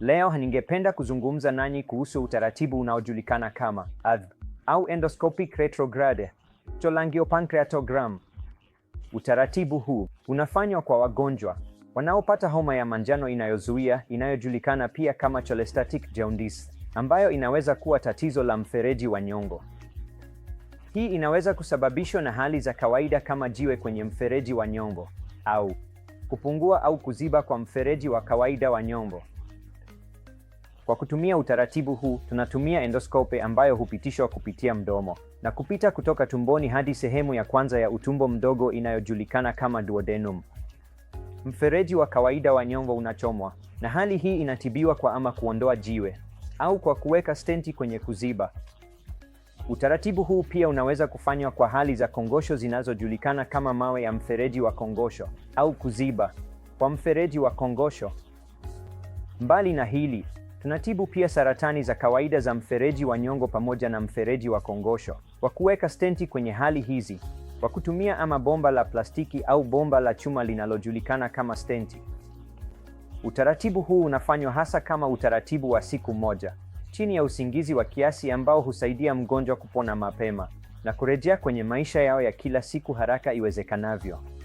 Leo ningependa kuzungumza nanyi kuhusu utaratibu unaojulikana kama ARDH au endoscopic retrograde cholangiopancreatogram. Utaratibu huu unafanywa kwa wagonjwa wanaopata homa ya manjano inayozuia inayojulikana pia kama cholestatic jaundice, ambayo inaweza kuwa tatizo la mfereji wa nyongo. Hii inaweza kusababishwa na hali za kawaida kama jiwe kwenye mfereji wa nyongo au kupungua au kuziba kwa mfereji wa kawaida wa nyongo. Kwa kutumia utaratibu huu, tunatumia endoskope ambayo hupitishwa kupitia mdomo na kupita kutoka tumboni hadi sehemu ya kwanza ya utumbo mdogo inayojulikana kama duodenum. Mfereji wa kawaida wa nyongo unachomwa, na hali hii inatibiwa kwa ama kuondoa jiwe au kwa kuweka stenti kwenye kuziba. Utaratibu huu pia unaweza kufanywa kwa hali za kongosho zinazojulikana kama mawe ya mfereji wa kongosho au kuziba kwa mfereji wa kongosho. Mbali na hili, Tunatibu pia saratani za kawaida za mfereji wa nyongo pamoja na mfereji wa kongosho kwa kuweka stenti kwenye hali hizi kwa kutumia ama bomba la plastiki au bomba la chuma linalojulikana kama stenti. Utaratibu huu unafanywa hasa kama utaratibu wa siku moja chini ya usingizi wa kiasi ambao husaidia mgonjwa kupona mapema na kurejea kwenye maisha yao ya kila siku haraka iwezekanavyo.